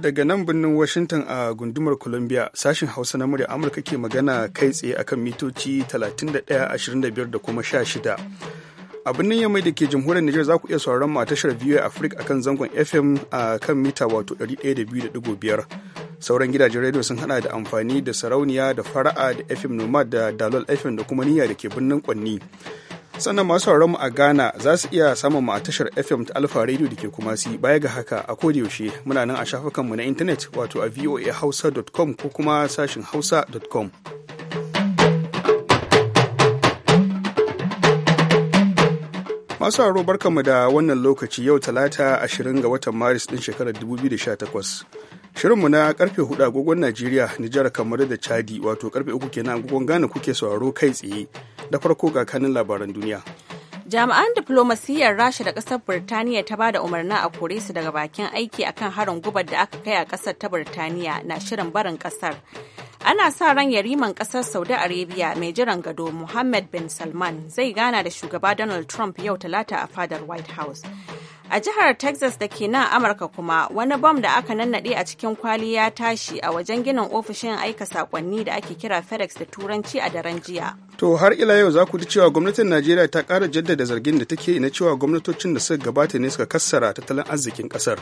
daga nan birnin Washington a gundumar Columbia sashin Hausa na murya Amurka ke magana kai tsaye akan mitoci 31.25 da kuma 16. a birnin yamai da ke jamhuriyar Nijar za ku iya sauraron mu a tashar VOA Africa akan zangon FM a kan mita wato 102.5 sauran gidajen rediyo sun hada da amfani da sarauniya da fara'a da FM Nomad da Dalol FM da kuma niyya da ke birnin Kwanni sannan masu mu a ghana za su iya samun mu a tashar fm ta alpha radio da ke kuma si baya ga haka a yaushe muna nan a mu na intanet wato a voahausa.com ko kuma sashin hausa.com masu haro barkanmu da wannan lokaci yau talata 20 ga watan maris din shekarar 2018 Shirinmu na karfe hudu agogon Najeriya, Nijar, kamar da Chadi wato karfe uku kenan agogon Ghana kuke sauraro kai tsaye. Da farko ga kanin labaran duniya. Jami'an diplomasiyyar Rasha da kasar Birtaniya ta bada umarna a kore su daga bakin aiki akan harin gubar da aka kai a kasar ta Birtaniya na shirin barin kasar ana sa ran yariman kasar saudi arabia mai jiran gado muhammad bin salman zai gana da shugaba donald trump yau talata a fadar white house A jihar Texas da ke nan Amurka kuma wani bom da aka nannade a cikin kwali ya tashi a wajen ginin ofishin aika sakonni da ake kira FedEx da Turanci a daren jiya. To har ila yau za ku ji cewa gwamnatin Najeriya ta ƙara jaddada zargin da take na cewa gwamnatocin da suka gabata ne suka kassara tattalin arzikin ƙasar.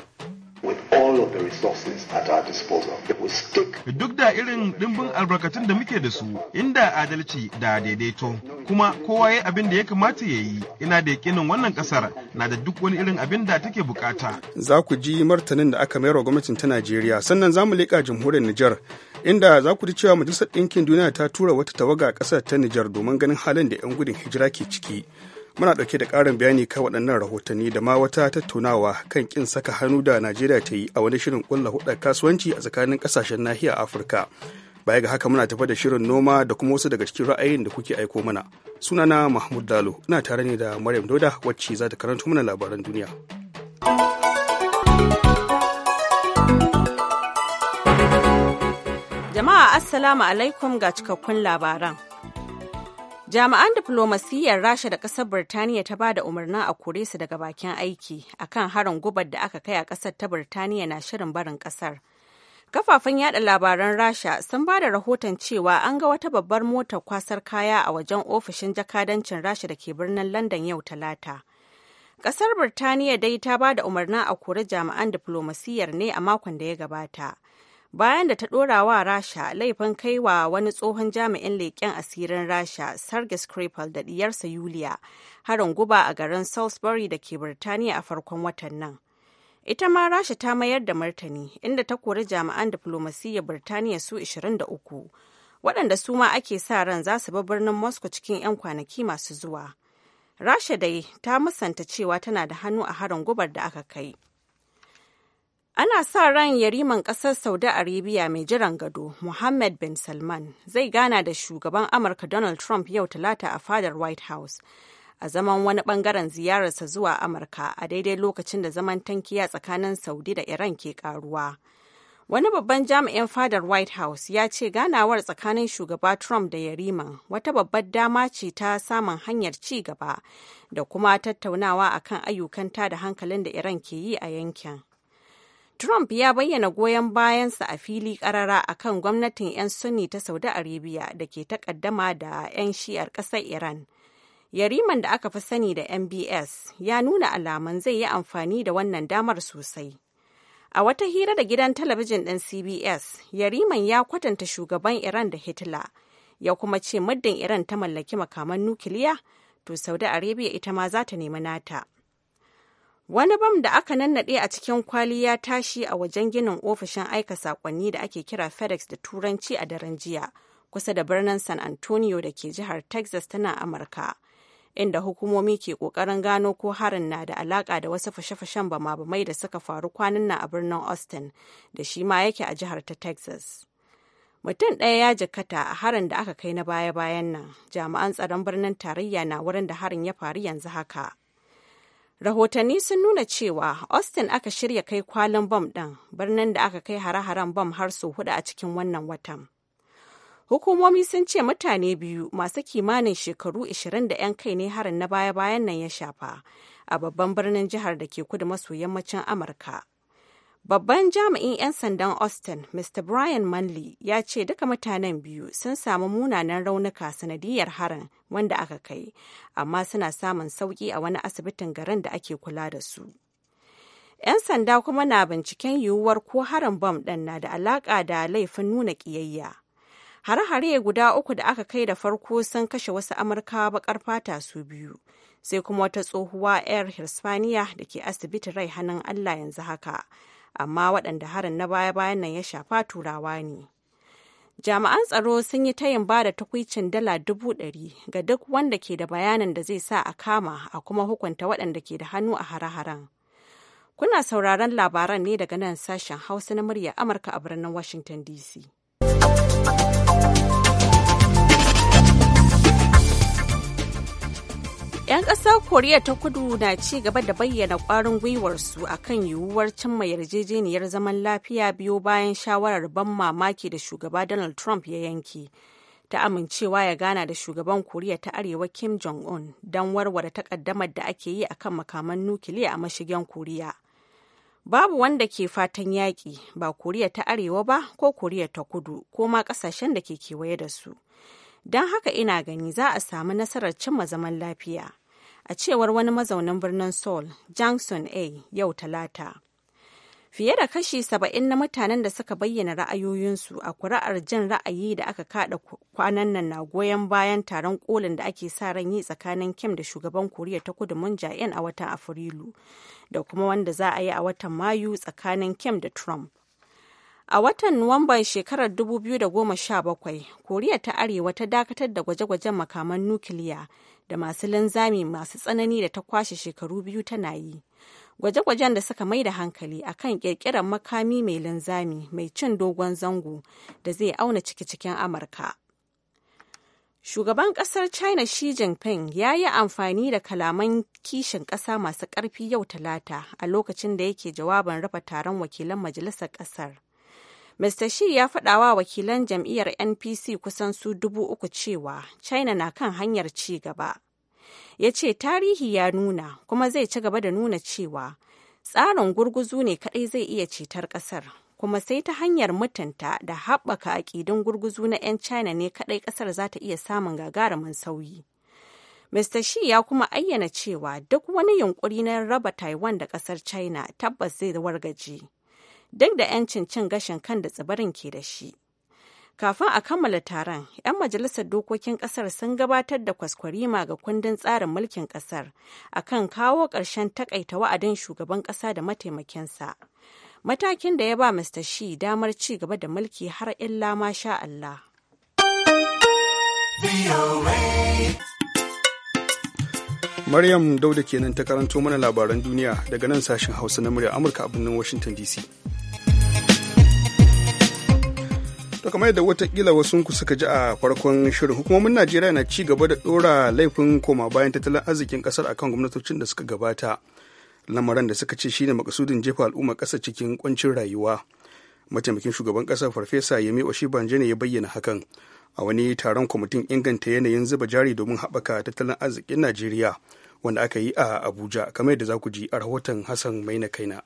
Duk da irin dimbin albarkatun da muke da su, inda adalci da daidaito, kuma kowa ya abin da ya kamata ya yi, ina da yakinin wannan ƙasar na da duk wani irin abin da take bukata. Za ku ji martanin da aka wa gwamnatin ta Najeriya, sannan za mu leƙa jamhuriyar Nijar, inda za ku ji cewa Majalisar Ɗinkin Duniya ta tura wata tawaga a ƙasar ta Nijar domin ganin halin da 'yan gudun hijira ke ciki. muna ɗauke da ƙarin bayani kan waɗannan rahotanni da ma wata tattaunawa kan ƙin saka hannu da najeriya ta yi a wani shirin ƙulla hudar kasuwanci a tsakanin ƙasashen nahiyar afirka baya ga haka muna tafa da shirin noma da kuma wasu daga cikin ra'ayin da kuke aiko mana sunana mahmud dalo ina tare ne da maryam doda wacce za ta karanto mana labaran duniya jama'a assalamu alaikum ga cikakkun labaran Jami'an diflomasiyyar Rasha da ƙasar Birtaniya ta bada umarnin a kore su daga bakin aiki akan harin gubar da aka kai a ƙasar ta Birtaniya na shirin barin ƙasar. Kafafen yada labaran Rasha sun ba da rahoton cewa an ga wata babbar motar kwasar kaya a wajen ofishin jakadancin Rasha da ke birnin London yau Talata. Ƙasar Birtaniya dai ta ba da umarnin a kori jami'an diflomasiyyar ne a makon da ya gabata. bayan da ta ɗora wa rasha laifin kai wa wani tsohon jami'in leƙen asirin rasha sergei skripal da ɗiyarsa yuliya harin guba a garin salisbury da ke birtaniya a farkon watan nan ita ma rasha ta mayar da martani inda ta kori jami'an diflomasiyyar birtaniya su 23 waɗanda su ma ake sa ran za su bi birnin moscow cikin 'yan kwanaki masu zuwa rasha dai ta musanta cewa tana da hannu a harin gubar da aka kai Ana sa ran yariman ƙasar Saudi Arabia mai jiran gado, Mohammed bin Salman, zai gana da shugaban Amurka Donald Trump yau Talata a fadar White House. A zaman wani ɓangaren ziyararsa zuwa Amurka a daidai lokacin da zaman tankiya tsakanin Saudi da Iran ke ƙaruwa. Wani babban jami'in fadar White House ya ce ganawar tsakanin shugaba Trump da Yariman wata babbar dama ce ta samun hanyar ci gaba da kuma tattaunawa akan ayyukan da hankalin da Iran ke yi a yankin. Trump ya bayyana goyon bayansa a fili karara a kan gwamnatin 'yan Sunni ta Saudi Arabia da ke takaddama da 'yan shi'ar ƙasar Iran. Yariman da aka fi sani da MBS ya nuna alaman zai yi amfani da wannan damar sosai. A wata hira da gidan talabijin ɗin CBS, Yariman ya kwatanta shugaban Iran da Hitler, ya kuma ce muddin Iran ta mallaki makaman nukiliya, to Saudi Arabia ita ma za ta nemi nata. Wani bam da aka nannaɗe a cikin kwali ya tashi a wajen ginin ofishin aika sakonni da ake kira FedEx da Turanci a daren jiya, kusa da birnin San Antonio da ke jihar Texas tana Amurka, inda hukumomi ke ƙoƙarin gano ko harin na da alaƙa da wasu fashe-fashen bama-bamai da suka faru kwanan nan a birnin Austin da shi ma yake a jihar ta Texas. Mutum ɗaya ya jikkata a harin da aka kai na baya-bayan nan, jami'an tsaron birnin tarayya na wurin da harin ya faru yanzu haka. Rahotanni sun nuna cewa Austin aka shirya kai kwalin bom ɗin birnin da aka kai hare-haren bom har sau hudu a cikin wannan watan. Hukumomi sun ce mutane biyu masu kimanin shekaru 20 da 'yan kai ne harin na baya-bayan nan ya shafa a babban birnin jihar da ke kudu maso yammacin Amurka Babban jami'in 'yan sandan Austin, Mr. Brian Manley, ya ce duka mutanen biyu sun samu munanan raunuka sanadiyar harin wanda aka kai, amma suna samun sauƙi a wani asibitin garin da ake kula da su. 'Yan sanda kuma na binciken yiwuwar ko harin bom ɗin na da alaƙa da laifin nuna ƙiyayya. Hare-hare guda uku da aka kai da farko sun kashe wasu Amurkawa baƙar fata su biyu, sai kuma wata tsohuwa 'yar Hispaniya da ke asibiti rai hannun Allah yanzu haka. amma waɗanda harin na baya-bayan nan ya shafa turawa ne. Jami'an tsaro sun yi tayin ba da takwicin dala dubu ɗari ga duk wanda ke da bayanin da zai sa a kama a kuma hukunta waɗanda ke da hannu a hare-haren. Kuna sauraron labaran ne daga nan sashen Hausa na murya Amurka a birnin Washington DC. 'Yan ƙasar Koriya ta kudu na ci gaba da bayyana ƙwarin gwiwarsu a kan yiwuwar cimma yarjejeniyar zaman lafiya biyo bayan shawarar ban mamaki da shugaba Donald Trump ya yanke. Ta amincewa ya gana da shugaban Koriya ta Arewa Kim Jong-un don warware takaddamar da ake yi a kan makaman nukiliya a mashigan Koriya. Babu wanda ke fatan yaƙi ba Koriya ta Arewa ba ko Koriya ta Kudu ko ma ƙasashen da ke kewaye da su. Don haka ina gani za a samu nasarar cimma zaman lafiya. a cewar wani mazaunin birnin Seoul, Johnson A. yau Talata. Fiye da kashi saba'in na mutanen da suka bayyana ra'ayoyinsu a kuri'ar jin ra'ayi da aka kada kwanan nan na goyon bayan taron kolin da ake sa ran yi tsakanin Kim da shugaban Koriya ta kudu mun ja'in a watan Afrilu da kuma wanda za a yi a watan Mayu tsakanin Kim da Trump. A watan Nuwamban shekarar 2017, Koriya ta Arewa ta dakatar da gwaje-gwajen makaman nukiliya da masu linzami masu tsanani da ta kwashe shekaru biyu tana yi. Gwaje-gwajen da suka mai da hankali a kan ƙirƙirar makami mai linzami mai cin dogon zango da zai auna ciki-cikin Amurka. Shugaban ƙasar China Xi Jinping ya yi amfani da kalaman kishin ƙasa masu ƙarfi yau Talata a lokacin da yake jawaban rufe taron wakilan majalisar ƙasar. Mr. Shi ya faɗa wa wakilan jam'iyyar NPC kusan su dubu uku cewa China na kan hanyar ci gaba. Ya ce tarihi ya nuna kuma zai ci gaba da nuna cewa tsarin gurguzu ne kaɗai zai iya cetar ƙasar. Kuma sai ta hanyar mutunta da haɓaka aƙidun gurguzu na 'yan China ne kaɗai ƙasar za ta iya samun gagarumin sauyi. Mr. Shi ya kuma ayyana cewa duk wani yunƙuri na raba Taiwan da ƙasar China tabbas zai wargaje. duk da 'yancin cin gashin kan da tsibirin ke da shi. Kafin a kammala taron, 'yan majalisar dokokin kasar sun gabatar da kwaskwarima ga kundin tsarin mulkin kasar kan kawo ƙarshen takaita wa'adin shugaban ƙasa da mataimakinsa. Matakin da ya ba Mr. Shi damar ci gaba da mulki har illa masha Allah. Maryam Dauda kenan ta karanto mana labaran duniya daga nan sashen Hausa na murya Amurka a birnin Washington DC. To kamar yadda watakila wasunku suka ji a farkon shirin hukumomin Najeriya na ci gaba da ɗora laifin koma bayan tattalin arzikin kasar akan gwamnatocin da suka gabata. Lamarin da suka ce shine makasudin jefa al'umma ƙasa cikin kwancin rayuwa. Mataimakin shugaban ƙasar Farfesa Yemi Oshibanje ne ya bayyana hakan a wani taron kwamitin inganta yanayin zuba jari domin haɓaka tattalin arzikin Najeriya. wanda aka yi a abuja kamar yadda za ku ji a rahoton hassan maina kaina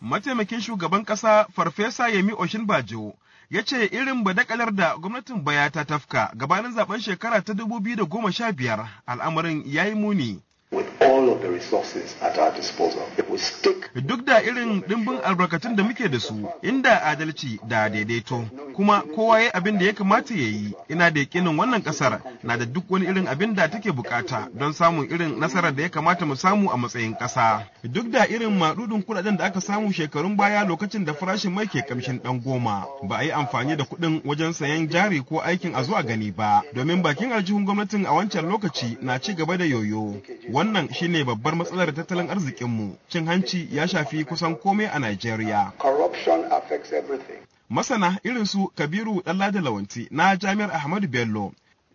mataimakin shugaban ƙasa farfesa yemi oshin bajo ya ce irin badakalar da gwamnatin baya ta tafka gabanin zaben shekara ta 2015 al'amarin ya yi muni Duk da irin dimbin albarkatun da muke da su, inda adalci da daidaito, kuma kowa ya abin da ya kamata ya yi, ina da yakinin wannan ƙasar, na da duk wani irin abin da take bukata don samun irin nasarar da ya kamata mu samu a matsayin ƙasa. Duk da irin maɗuɗin kuɗaɗen da aka samu shekarun baya lokacin da farashin mai ke kamshin ɗan goma, ba a yi amfani da kuɗin wajen sayan jari ko aikin a zuwa gani ba, domin bakin aljihun gwamnatin a wancan lokaci na ci gaba da yoyo. Wannan shine babbar matsalar tattalin arzikinmu. Cin hanci ya shafi kusan komai a Najeriya. Masana irin su Kabiru Ɗanlada Lawanti na Jami'ar Ahmadu Bello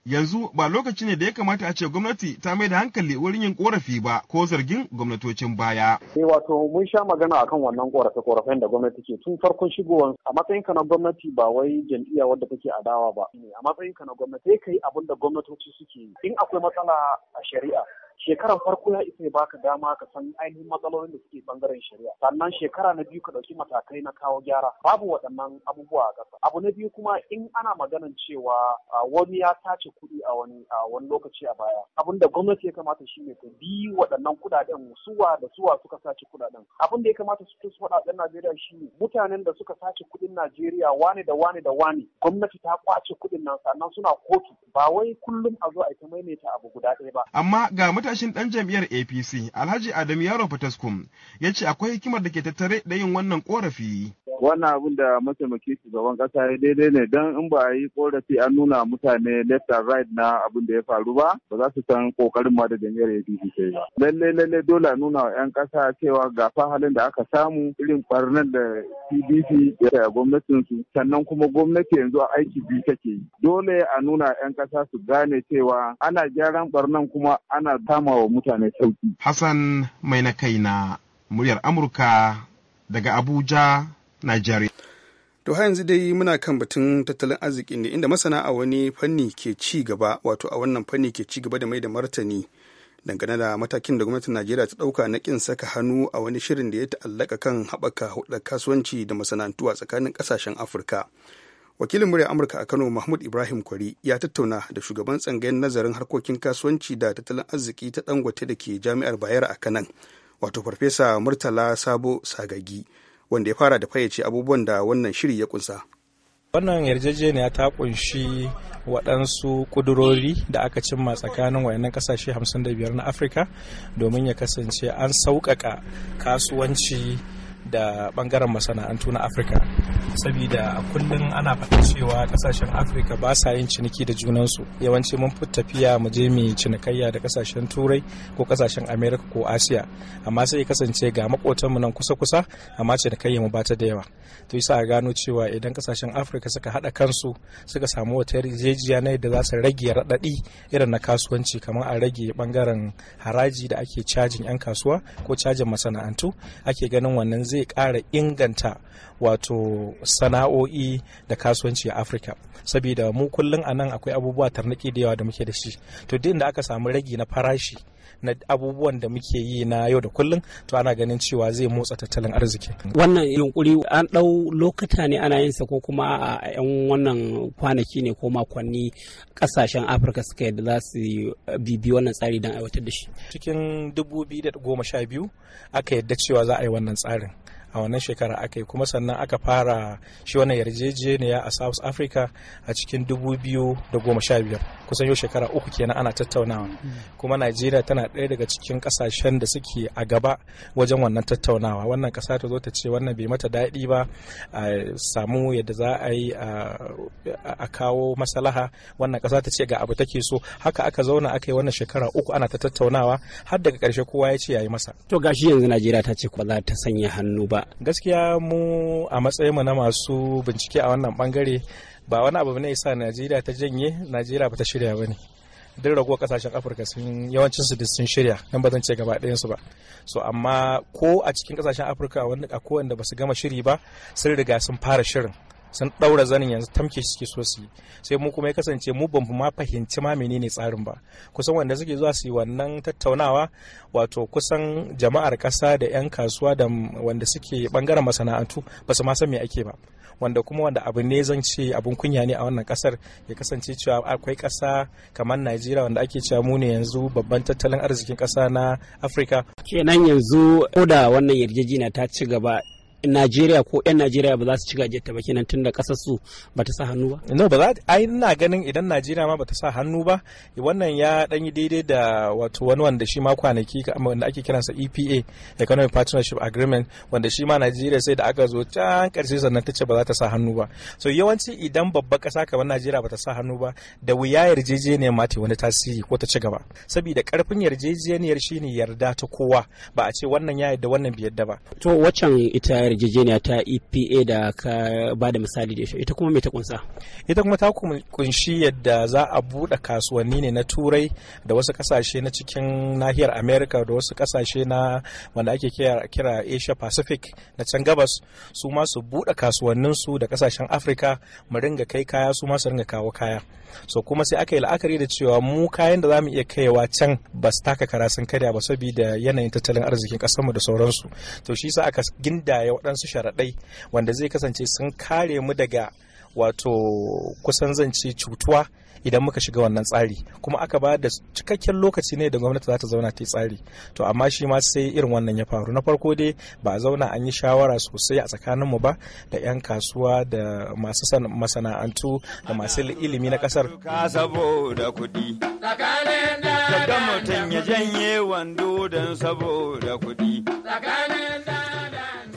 yanzu ba lokaci ne da ya kamata a ce gwamnati ta mai da hankali wurin yin korafi ba ko zargin gwamnatocin baya. Ni eh, wato mun sha magana a kan wannan korafe korafen da gwamnati ke tun farkon shigowar a matsayin ka na gwamnati ba wai jam'iyya wadda take adawa ba a matsayin ka na gwamnati sai kai abin da gwamnatoci suke yi in akwai matsala a shari'a shekarar farko ya isa ya baka dama ka san ainihin matsalolin da suke bangaren shari'a sannan shekara na biyu ka ɗauki matakai na kawo gyara babu waɗannan abubuwa a ƙasa abu na biyu kuma in ana maganan cewa wani ya tace kuɗi a wani a wani lokaci a baya abin da gwamnati ya kamata shi ne ta bi waɗannan kuɗaɗen suwa da suwa suka sace kuɗaɗen abin da ya kamata su su faɗa ɗan Najeriya shi ne mutanen da suka sace kuɗin Najeriya wane da wane da wane gwamnati ta kwace kuɗin nan sannan suna kotu ba wai kullum a zo a ta maimaita abu guda ɗaya ba amma ga matashin ɗan jam'iyyar APC Alhaji Adamu Yaro Fataskum ya ce akwai hikimar da ke tattare da yin wannan korafi. wannan abin da mataimaki shugaban kasa ya daidai ne don in ba a yi korafi an nuna mutane left and right na abin da ya faru ba ba za su san kokarin ma da dangere ya bibi ba lalle lalle dole nuna wa 'yan kasa cewa ga fa halin da aka samu irin barnar da PDP ya gwamnatin su sannan kuma gwamnati yanzu a aiki biyu take yi dole a nuna 'yan kasa su gane cewa ana gyaran barnan kuma ana kama wa mutane sauki Hassan mai na kaina muryar Amurka daga Abuja Najeriya. To ha yanzu dai muna kan batun tattalin arziki ne inda masana a wani fanni ke ci gaba wato a wannan fanni ke ci gaba da mai da martani dangane da matakin da gwamnatin Najeriya ta dauka na kin saka hannu a wani shirin da ya ta'allaka kan haɓaka hudar kasuwanci da masana'antu a tsakanin kasashen Afirka. Wakilin murya Amurka a Kano Mahmud Ibrahim Kwari ya tattauna da shugaban tsangayen nazarin harkokin kasuwanci da tattalin arziki ta Dangote da ke Jami'ar Bayero a Kanan, wato Farfesa Murtala Sabo Sagagi. wanda ya fara da fayyace abubuwan da wannan shiri ya kunsa. wannan yarjejeniya ta kunshi waɗansu ƙudurori da aka cimma tsakanin wayannan ƙasashe 55 na afirka domin ya kasance an sauƙaƙa kasuwanci da bangaren masana'antu na afirka saboda a kullum ana fata cewa kasashen afirka ba sa yin ciniki da junansu yawanci mun fi tafiya mu je mu cinikayya da kasashen turai ko kasashen america ko asiya amma sai kasance ga makotanmu nan kusa-kusa amma cinikayya mu ba ta da yawa to yasa a gano cewa idan kasashen afirka suka haɗa kansu suka samu wata yarjejiya na yadda za su rage raɗaɗi irin na kasuwanci kamar a rage bangaren haraji da ake cajin 'yan kasuwa ko cajin masana'antu ake ganin wannan zai zai kara inganta wato sana'o'i da kasuwanci a afirka saboda mu kullum a nan akwai abubuwa tarnaki da yawa da muke da shi to duk da aka samu ragi na farashi na abubuwan da muke yi na yau da kullum to ana ganin cewa zai motsa tattalin arziki wannan yunkuri an ɗau lokuta ne ana yinsa ko kuma a yan wannan kwanaki ne ko makonni ƙasashen afirka suka yadda za su bibi wannan tsari don aiwatar da shi cikin 2012 aka yadda cewa za a yi wannan tsarin a wannan shekara aka yi kuma sannan aka fara shi wannan yarjejeniya a south africa a cikin 2015 kusan yau shekara uku kenan ana tattaunawa kuma najeriya tana ɗaya daga cikin kasashen da suke a gaba wajen wannan tattaunawa wannan ƙasa ta zo ta ce wannan bai mata daɗi ba a samu yadda za a yi a kawo maslaha wannan ƙasa ta ce ga abu take so haka aka zauna aka yi wannan shekara uku ana ta tattaunawa har daga ƙarshe kowa ya ce ya yi masa to gashi yanzu najeriya ta ce ba za ta sanya hannu ba ba gaskiya mu a matsayin mu na masu bincike a wannan bangare ba wani abu ne yasa najeriya ta janye najeriya ba ta shirya ba ne duk raguwar kasashen afirka sun yawancin su sun shirya nan ba zan ce gaba ɗayan su ba so amma ko a cikin kasashen afirka wani a kowanda ba su gama shiri ba sun riga sun fara shirin sun ɗaura zanin yanzu tamke suke so su yi sai mu kuma ya kasance mu ban ma fahimci ma menene tsarin ba kusan wanda suke zuwa su yi wannan tattaunawa wato kusan jama'ar kasa da 'yan kasuwa da wanda suke bangaren masana'antu ba su ma san me ake ba wanda kuma wanda abu ne zan ce abun kunya ne a wannan kasar ya kasance cewa akwai kasa kamar najeriya wanda ake cewa mu ne yanzu babban tattalin arzikin kasa na afirka kenan yanzu ko da wannan yarjejeniya ta ci gaba Najeriya ko 'yan Najeriya ba za su ci gajiyar ta ba kenan tun da ƙasar su ba ta sa hannu ba? No, ba za a ina ganin idan Najeriya ma ba ta sa hannu ba wannan ya ɗan yi daidai da wato wani wanda shi ma kwanaki wanda ake kiransa EPA Economic Partnership Agreement wanda shi ma Najeriya sai da aka zo can ƙarshe sannan ta ce ba za ta sa hannu ba. So yawanci idan babbar ƙasa kamar Najeriya ba ta sa hannu ba da wuya yarjejeniyar ma ta wani tasiri ko ta ci gaba. Saboda ƙarfin yarjejeniyar shine yarda ta kowa ba a ce wannan ya yarda wannan bai yarda ba. To waccan ita yarjejeniya ta EPA da ka ba da misali da ita kuma mai ta kunsa ita kuma ta kunshi yadda za a buɗe kasuwanni ne na turai da wasu kasashe na cikin nahiyar America da wasu kasashe na wanda ake kira Asia Pacific na can gabas su ma su buɗe kasuwannin su da kasashen Africa mu ringa kai kaya su ma su ringa kawo kaya so kuma sai aka yi la'akari da cewa mu kayan da za mu iya kaiwa can ba su taka karasin kada ba saboda yanayin tattalin arzikin kasarmu da sauransu to shi sa aka gindaya waɗansu sharaɗai wanda zai kasance sun kare mu daga wato kusan zance cutuwa idan muka shiga wannan tsari kuma aka ba da cikakken lokaci ne da gwamnati za ta zauna ta yi tsari to amma shi ma sai irin wannan ya faru na farko dai ba a zauna an yi shawara sosai a tsakanin mu ba da 'yan kasuwa da masu masana'antu da masu ilimi na kasar saboda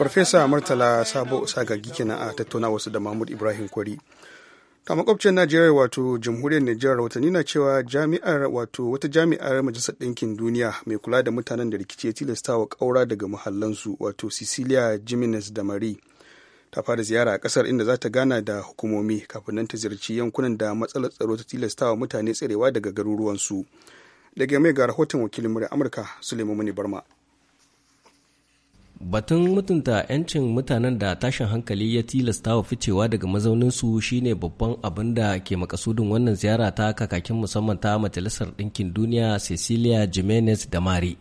farfesa murtala sabo sagagi kenan a tattauna wasu da mahmud ibrahim kwari ta makwabciyar najeriya wato jamhuriyar nijar rahotanni na cewa jami'ar wato wata jami'ar majalisar ɗinkin duniya mai kula da mutanen da rikici ya tilasta wa ƙaura daga muhallansu wato cecilia jimenez da marie ta fara ziyara a ƙasar inda za ta gana da hukumomi kafin nan ta ziyarci yankunan da matsalar tsaro ta tilasta wa mutane tserewa daga garuruwansu daga mai ga rahoton wakilin murya amurka suleiman barma Batun mutunta 'yancin mutanen da tashin hankali ya tilasta wa ficewa daga mazauninsu shine babban abin da ke makasudin wannan ziyara ta kakakin musamman ta Majalisar Ɗinkin Duniya Cecilia Jimenez da Mari.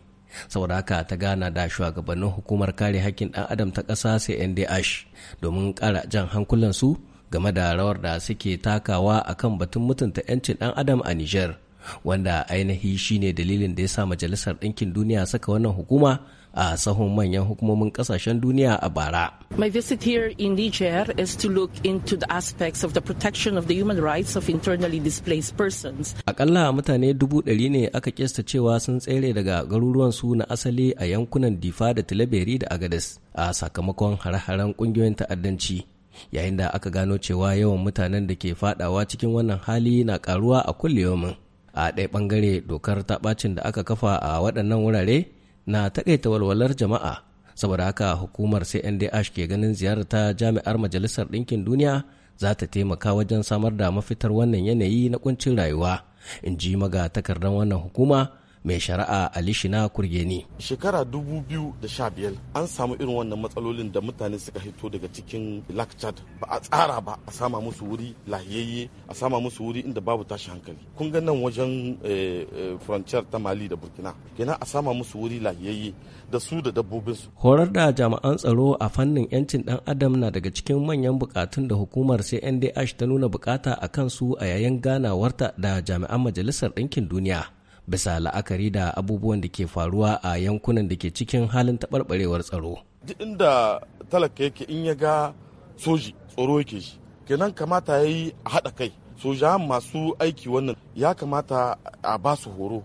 Saboda haka ta gana da shugabannin hukumar kare hakkin ɗan adam ta ƙasa CNDH domin ƙara jan hankulansu game da rawar da suke takawa akan batun mutunta 'yancin ɗan adam a Niger, wanda ainihi shine dalilin da ya sa Majalisar Ɗinkin Duniya saka wannan hukuma a sahun manyan hukumomin kasashen duniya a bara. My visit here in Niger is to look into the aspects of the protection of the human rights of internally displaced persons. Akalla mutane dubu ɗari ne aka kesta cewa sun tsere daga garuruwan su na asali a yankunan Difa da Tilaberi da Agadez a sakamakon hare-haren ƙungiyoyin ta'addanci. Yayin da aka gano cewa yawan mutanen da ke fadawa cikin wannan hali na karuwa a yomin A ɗaya ɓangare dokar ta ɓacin da aka kafa a waɗannan wurare na taƙaita walwalar jama'a saboda haka hukumar CNDH ke ganin ziyarar ta jami'ar majalisar ɗinkin duniya za ta taimaka wajen samar da mafitar wannan yanayi na kuncin rayuwa in ji maga takardar wannan hukuma mai shari'a alishina Kurgeni. Shekara da sha biyar an samu irin wannan matsalolin da mutane suka hito daga cikin Black Chad ba a tsara ba a sama musu wuri lahiyayye a sama musu wuri inda babu tashi hankali. Kun ga nan wajen eh, eh, frontier ta Mali da Burkina kenan a sama musu wuri lahiyayye da su da dabbobin su. Horar da jami'an tsaro a fannin 'yancin dan adam na daga cikin manyan bukatun da hukumar CNDH ta nuna bukata a kan su a yayin ganawarta da jami'an Majalisar Ɗinkin Duniya. bisa la'akari da abubuwan da ke faruwa a yankunan da ke cikin halin taɓarɓarewar tsaro. Duk inda talaka yake in ya ga soji tsoro yake shi, kenan kamata ya yi a haɗa kai. Soja masu aiki wannan ya kamata a ba su horo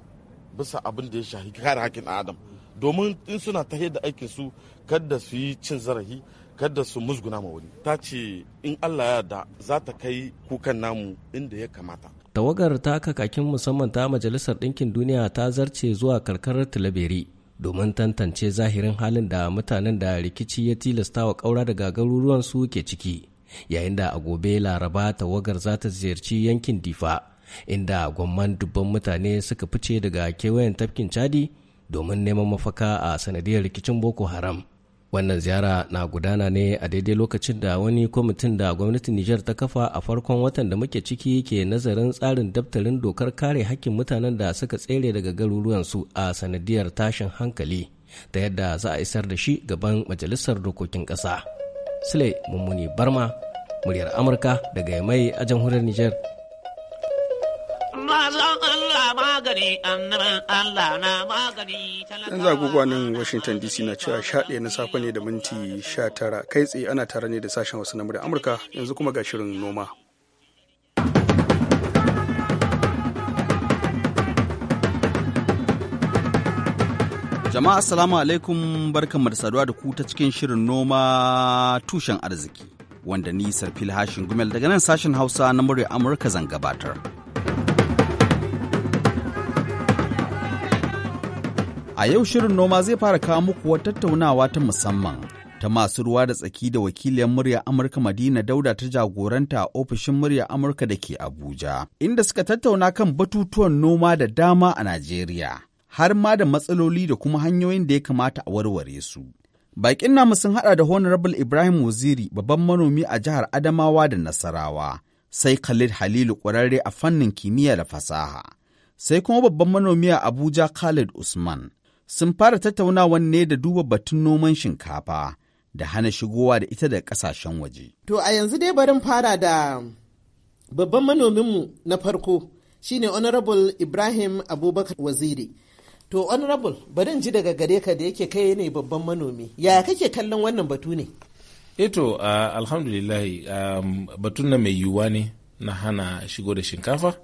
bisa abin da ya shahi kare hakin adam. Domin in suna ta da aikin su kada su yi cin zarafi kada su musguna ma wani ta ce in allah ya da za ta kai kukan namu inda ya kamata tawagar ta kakakin musamman ta majalisar ɗinkin duniya ta zarce zuwa karkarar tilaberi domin tantance zahirin halin da mutanen da rikici ya tilasta wa ƙaura daga garuruwan su ke ciki yayin da a gobe laraba tawagar za ta ziyarci yankin difa inda gwamman dubban mutane suka fice daga kewayen tafkin chadi domin neman mafaka a sanadiyar rikicin boko haram wannan ziyara na gudana ne a daidai lokacin da wani kwamitin da gwamnatin nijar ta kafa a farkon watan da muke ciki ke nazarin tsarin daftarin dokar kare hakkin mutanen da suka tsere daga garuruwansu a sanadiyar tashin hankali ta yadda za a isar da shi gaban majalisar dokokin ƙasa sule mummuni barma muryar amurka daga mai a jamhuriyar nijar magani Yan zaguguwa Washington DC na cewa sha ɗaya na safe ne da minti sha tara kai tsaye ana tare ne da sashen wasu na Amurka yanzu kuma ga shirin noma. Jama'a assalamu alaikum barkanmu da saduwa da ku ta cikin shirin noma tushen arziki wanda ni Sarfil Hashin Gumel daga nan sashen Hausa na murya Amurka zan gabatar. A yau shirin noma zai fara kawo muku wata tattaunawa ta musamman ta masu ruwa da tsaki da wakiliyar murya Amurka Madina Dauda ta jagoranta a ofishin murya Amurka da ke Abuja, inda suka tattauna kan batutuwan noma da dama a Najeriya, har ma da matsaloli da kuma hanyoyin da ya kamata a warware su. Bakin namu sun hada da Honorable Ibrahim Waziri babban manomi a jihar Adamawa da Nasarawa, sai Khalid Halilu ƙwararre a fannin kimiyya da fasaha, sai kuma babban manomi a Abuja Khalid Usman. sun fara tattaunawan ne da duba batun noman shinkafa da hana shigowa da ita da kasashen waje. To a yanzu dai barin fara da babban manominmu na farko shi ne Honorable Ibrahim Abubakar Waziri. To Honorable barin ji daga gare ka da yake kai ne babban manomi. Yaya kake kallon wannan batu ne? Eto eh uh, alhamdulillahi um, batun na mai yiwuwa ne na hana shigo da shinkafa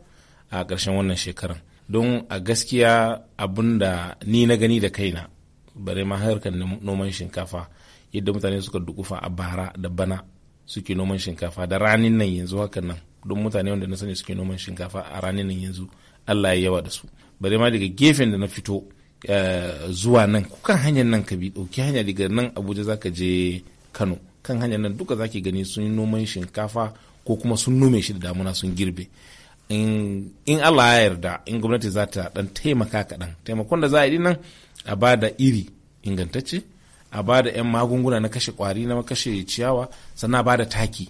a ƙarshen wannan shekaran. don a gaskiya abun da ni na gani da kaina bare ma harkar noman shinkafa yadda mutane suka dukufa a bara da bana suke noman shinkafa da ranin nan yanzu hakan nan don mutane wanda na sani suke noman shinkafa a ranin nan yanzu allah ya yawa da su bare ma daga gefen da na fito eh, zuwa nan kukan hanyar nan ka bi ɗauki hanya daga nan abuja zaka je kano kan hanyar nan duka zaki gani sun noman shinkafa ko kuma sun nome shi da damuna sun girbe in Allah ya yarda in gwamnati za ta dan taimaka kaɗan taimakon da za a yi nan a ba da iri ingantacce a ba da 'yan magunguna na kashe kwari na kashe ciyawa sannan a ba da taki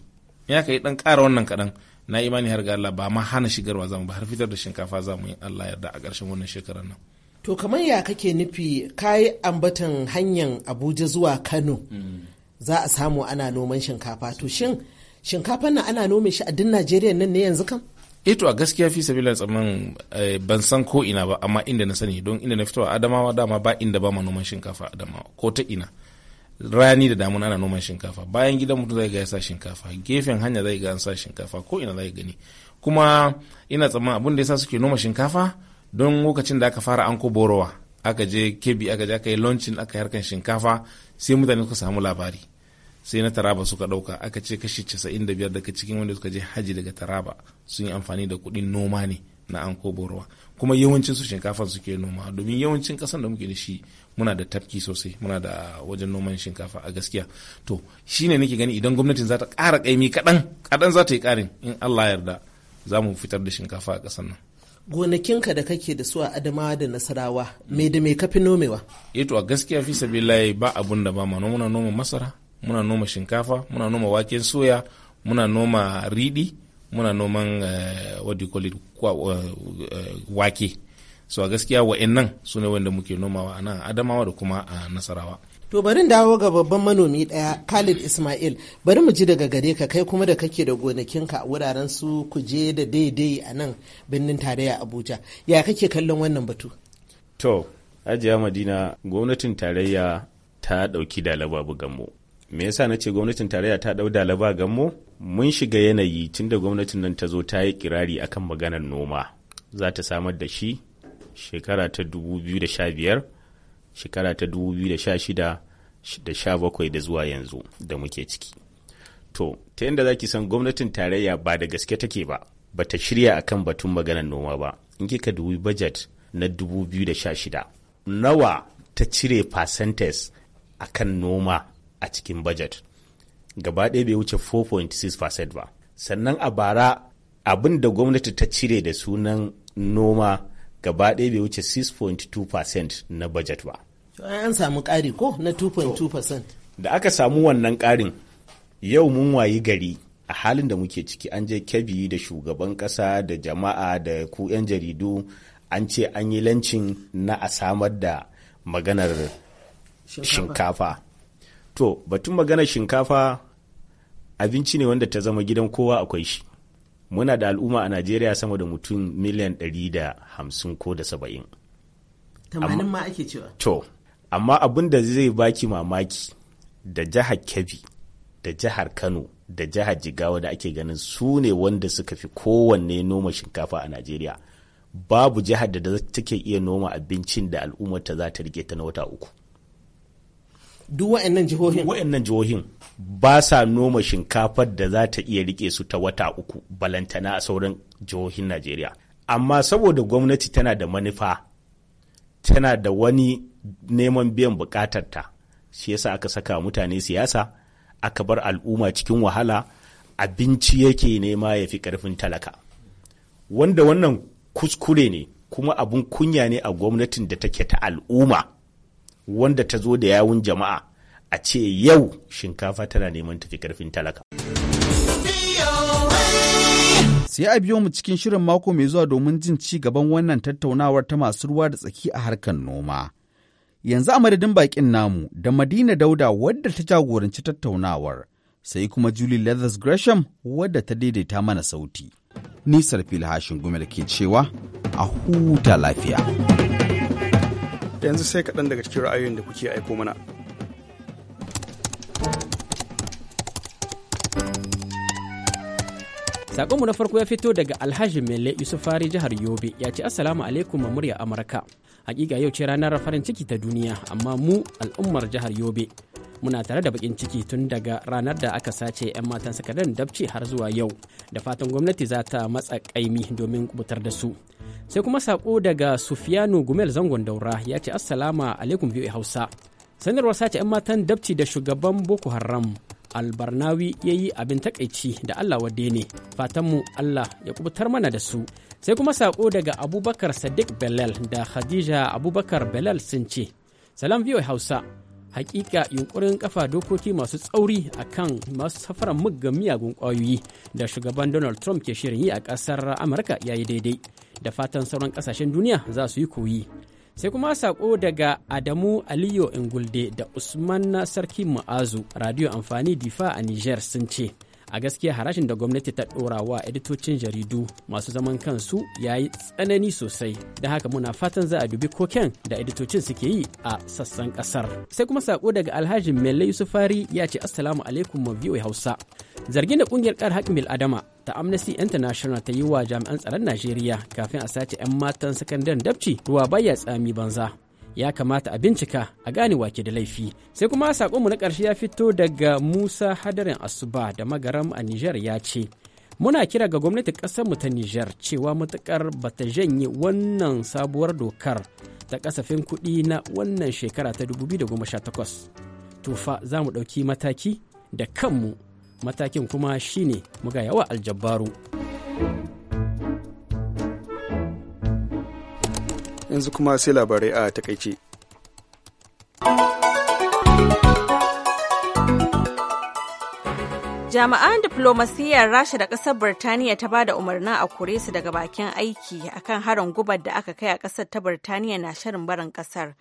ya ka yi dan ƙara wannan kaɗan na imani har ga Allah ba ma hana shigarwa zamu ba har fitar da shinkafa zamu yi Allah yarda a ƙarshen wannan shekarar nan to kamar ya kake nufi kayi ambatan hanyar Abuja zuwa Kano mm. za a samu ana noman shinkafa to shin shinkafa nan ana nome shi a duk Najeriya nan ne yanzu kan Eh to a gaskiya fi sabila tsamman eh, ban san ko ina ba amma inda na sani don inda na fitowa adamawa dama ba inda ba ma noman shinkafa adamawa ko ta ina rani da damuna ana noman shinkafa bayan gidan mutum zai ga ya sa shinkafa gefen hanya zai ga an sa shinkafa ko ina zai gani kuma ina tsamman abin da yasa suke noma shinkafa don lokacin da aka fara anko borowa aka je kebi aka je aka yi launching aka yi harkan shinkafa sai mutane suka samu labari sai na taraba suka dauka aka ce kashi 95 daga cikin wanda suka je haji daga taraba sun yi amfani da kudin noma ne na an koborwa kuma yawancin su shinkafa suke noma domin yawancin kasan da muke da shi muna da tafki sosai muna da wajen noman shinkafa a gaskiya to shine nake gani idan gwamnatin za ta ƙara ƙaimi kaɗan kaɗan za ta yi karin in allah yarda za mu fitar da shinkafa a kasan nan gonakinka da kake da su a adamawa da nasarawa me da me kafi nomewa eh to a gaskiya fi sabilillahi ba abun da ba ma muna noma masara muna noma shinkafa muna noma waken soya muna noma riɗi muna noman uh, wake so a gaskiya wa'annan su ne wanda muke nomawa a nan adamawa da kuma a nasarawa to bari dawo ga babban manomi ɗaya khalid ismail bari mu ji daga gare ka kai kuma da kake da gonakinka a wuraren su kuje da daidai a nan birnin tarayya abuja ya kake kallon wannan batu to ajiya madina gwamnatin tarayya ta ɗauki da bugan mu me yasa na ce gwamnatin tarayya ta ɗau dalaba mu mun shiga yanayi tun da gwamnatin nan ta zo ta yi kirari akan maganar noma za ta samar da shi shekara ta 2015 shekara ta 2016 da 17 da zuwa yanzu da muke ciki to ta yinda zaki san gwamnatin tarayya ba da gaske take ba ba ta shirya akan batun maganar noma ba in kika dubi budget na 2016 nawa ta cire percentage akan noma a cikin budget gaba ɗaya bai wuce 4.6% ba sannan a bara abin da gwamnati ta cire da sunan noma gaba ɗaya bai wuce 6.2% na budget ba an samu ƙari ko na 2.2% da aka samu wannan ƙarin yau mun wayi gari a halin da muke ciki an je kebi da shugaban ƙasa da jama'a da ku 'yan jaridu an ce an yi lancin na a samar da maganar shinkafa To, batun magana shinkafa abinci ne wanda ta zama gidan kowa akwai shi. Muna da al'umma a Najeriya sama da mutum miliyan ɗari da hamsin ko da saba'in. Tamanin ma ake cewa. To, amma abin da zai baki mamaki da jihar Kebbi, da jihar Kano, da jihar Jigawa da ake ganin su ne wanda suka fi kowanne noma shinkafa a Najeriya. Babu jihar da take iya noma abincin da al'ummarta za ta rike ta na wata uku. duk wa'annan jihohin wa'annan jihohin ba sa noma shinkafar da za ta iya rike su ta wata uku balantana a sauran jihohin Najeriya amma saboda gwamnati tana da manufa tana da wani neman biyan bukatarta shi yasa aka saka mutane siyasa aka bar al'umma cikin wahala abinci yake nema ya fi karfin talaka wanda wannan kuskure ne kuma abun kunya ne a gwamnatin da take ta al'umma wanda ta zo da yawun jama'a a ce yau shinkafa tana neman tafi karfin talaka. Sai a biyo mu cikin shirin mako mai zuwa domin jin ci gaban wannan tattaunawar ta masu ruwa da tsaki a harkar noma. Yanzu a madadin bakin namu da Madina Dauda wadda ta jagoranci tattaunawar, sai kuma Julie Leathers Gresham wadda ta daidaita mana sauti. Nisar filhashin gumel ke cewa a huta lafiya. yanzu sai kaɗan daga cikin ra'ayoyin da kuke aiko mana saƙonmu na farko ya fito daga Alhaji Mele fari jihar Yobe ya ce Assalamu alaikum murya Amurka. hakika yau ce ranar farin ciki ta duniya amma mu al'ummar jihar yobe muna tare da bakin ciki tun daga ranar da aka sace 'yan matan sakadaren dabce har zuwa yau da fatan gwamnati za ta matsa kaimi domin kubutar da su sai kuma sako daga sufiyanu gumel zangon daura ya ce assalama alaikum biyu hausa sanarwar sace 'yan matan dabci da shugaban boko haram albarnawi ya yi abin takaici da Allah wadde ne fatanmu Allah ya kubutar mana da su sai kuma saƙo daga abubakar sadiq belal da khadija abubakar belal sun ce salam viyo hausa hakika yunƙurin kafa dokoki masu tsauri a kan masu safarar muggan miyagun ƙwayoyi da shugaban donald trump ke shirin yi a ƙasar amurka ya yi daidai da fatan sauran ƙasashen duniya za su yi koyi sai kuma sako daga adamu aliyo ingulde da usman na sarki ma'azu radio amfani difa a niger sun ce a gaskiya harashin da gwamnati ta ɗora wa editocin jaridu masu zaman kansu ya yi tsanani sosai don haka muna fatan za a dubi koken da editocin suke yi a sassan ƙasar sai kuma sako daga alhaji mele yusufari ya ce assalamu alaikum ma hausa zargin da ƙungiyar ƙar bil adama. da amnesty international ta yi wa jami'an tsaron najeriya kafin a sace 'yan matan sakandaren dabci ruwa baya tsami banza ya kamata a bincika a gane wake da laifi sai kuma sakonmu na ƙarshe ya fito daga musa hadarin asuba da magaram a niger ya ce muna kira ga gwamnatin ƙasarmu ta niger cewa matuƙar ta janye wannan sabuwar dokar ta kasafin kuɗi na wannan shekara ta 2018 tufa za mu ɗauki mataki da kanmu matakin kuma shine muga yawa aljabbaru yanzu kuma sai labarai a takaice jami'an diflomasiyyar rasha da ƙasar birtaniya ta bada umarnin a kore su daga bakin aiki akan harin gubar da aka kai a ƙasar ta birtaniya na shirin barin ƙasar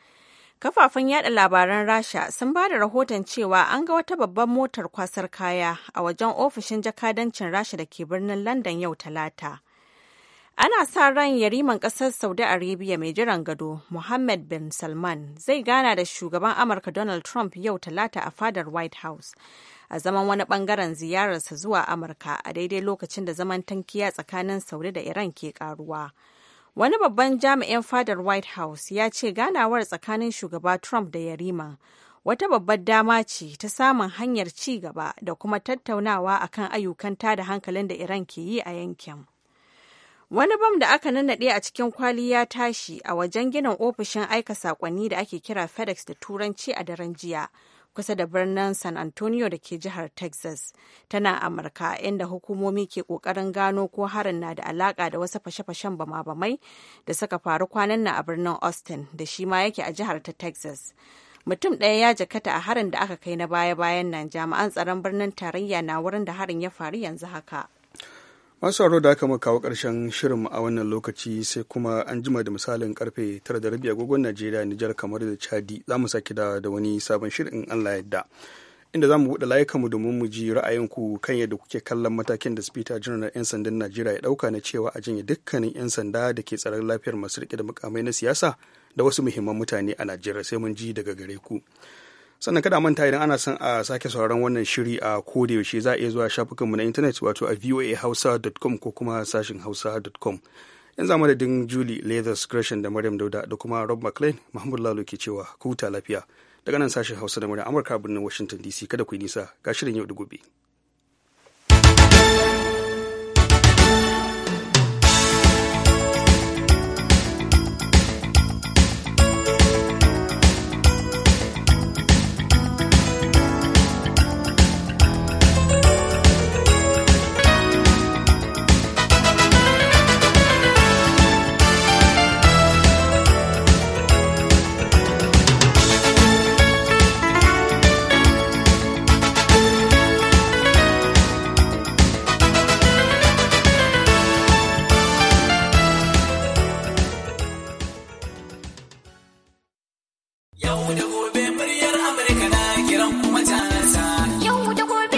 Kafafen yada labaran Rasha sun ba da rahoton cewa an ga wata babban motar kwasar kaya a wajen ofishin jakadancin Rasha da ke birnin London yau Talata. Ana sa ran yariman ƙasar Saudi Arabia mai jiran gado, Mohammed bin Salman, zai gana da shugaban Amurka Donald Trump yau Talata a fadar White House. A zaman wani bangaren ziyararsa zuwa Amurka a daidai lokacin da zaman tankiya tsakanin Saudi da Iran ke karuwa. Wani babban jami'in fadar White House ya ce ganawar tsakanin shugaba Trump da Yarima wata babbar dama ce ta samun hanyar ci gaba da kuma tattaunawa a kan ayyukan da hankalin da Iran ke yi a yankin. Wani bam da aka nannaɗe a cikin kwali ya tashi a wajen ginin ofishin aika saƙonni da ake kira FedEx da Turanci a daren jiya, kusa da birnin San Antonio da ke jihar Texas tana Amurka inda hukumomi ke kokarin gano ko harin na da alaka da wasu fashe-fashen bama-bamai da suka faru kwanan nan a birnin Austin da shi ma yake a jihar ta Texas. Mutum ɗaya ya jakata a harin da aka kai na baya-bayan nan jami'an tsaron birnin tarayya na wurin da harin ya faru yanzu haka. masu aro da aka kawo karshen shirin a wannan lokaci sai kuma an jima da misalin karfe 9:30 agogon najeriya nijar kamar da chadi za mu sake da da wani sabon shirin in allah yadda inda za mu buɗe layukanmu domin mu ji ra'ayinku kan yadda kuke kallon matakin da spita janar 'yan sandan najeriya ya ɗauka na cewa a janye dukkanin 'yan sanda da ke tsaron lafiyar masu riƙe da mukamai na siyasa da wasu muhimman mutane a najeriya sai mun ji daga gare ku. sannan kada manta idan ana son a sake sauraron wannan shiri a koda yaushe za a iya zuwa shafukanmu na intanet wato a voahausa.com ko kuma sashin hausa.com yan madadin julie leathers gresham da maryam dauda da kuma rob mclean mahmud lalo ke cewa kuta lafiya daga nan sashin hausa da murya amurka birnin washington dc kada ku yi nisa ga shirin yau da gobe.